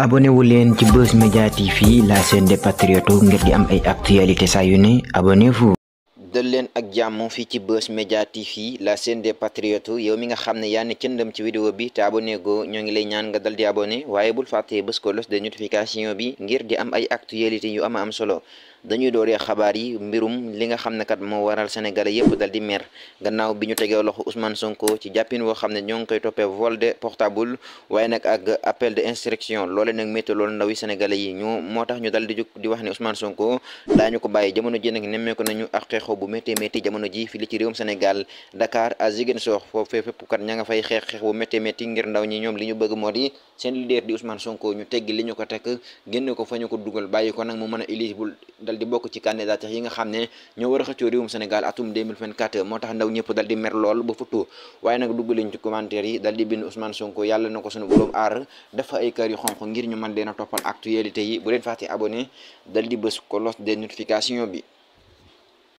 abonné leen ci Buzz Media TV la seen des patriotes ngir di am ay actualité saa yu ne abonnez-vous. dal leen ak jàmm fii ci Buzz Media fii la seen de patriotes yow mi nga xam ne yaa ne cëndam ci vidéo bi te abonné go ñoo ngi lay ñaan nga dal di abonné waaye bul fàtte bës ko los de notification bi ngir di am ay actualité yu ama am solo. dañuy dooree xabaar yi mbirum li nga xam ne kat moo waral sénégalais yëpp dal di mer gannaaw bi ñu tegee loxo Ousmane Sonko ci jàppin woo xam ne ñoo ngi koy toppee vol de portable waaye nag ak appel de instruction loole nag métti loolu ndawi sénégalais yi ñu moo tax ñu dal di jóg di wax ne usman Ousmane Sonko daañu ko bàyyi jamono ji nag nemmeeku nañu ak xeexoo bu métti métti jamono ji fii li ci réewum Sénégal Dakar à soo foofu fépp kat ña nga fay xeex xeex bu métti ngir ndaw ñi ñoom li ñu bëgg moo di seen leader di Ousmane Sonko ñu teggi li ñu ko tekk génne ko fa ñu ko dugal bàyyi ko nag mu mën a éligible dal di bokk ci candidature yi nga xam ne ñoo war xëccoo réewum Sénégal atum 2024 moo tax ndaw ñëpp dal di mer lool ba futtu waaye nag dugg leen commentaire yi dal di bind Ousmane Sonko yàlla na ko suñu boroom aar dafa ay kër yu xonq ngir ñu mën leen a toppal actualité yi bu leen fàtte abonné dal di bës ko los des bi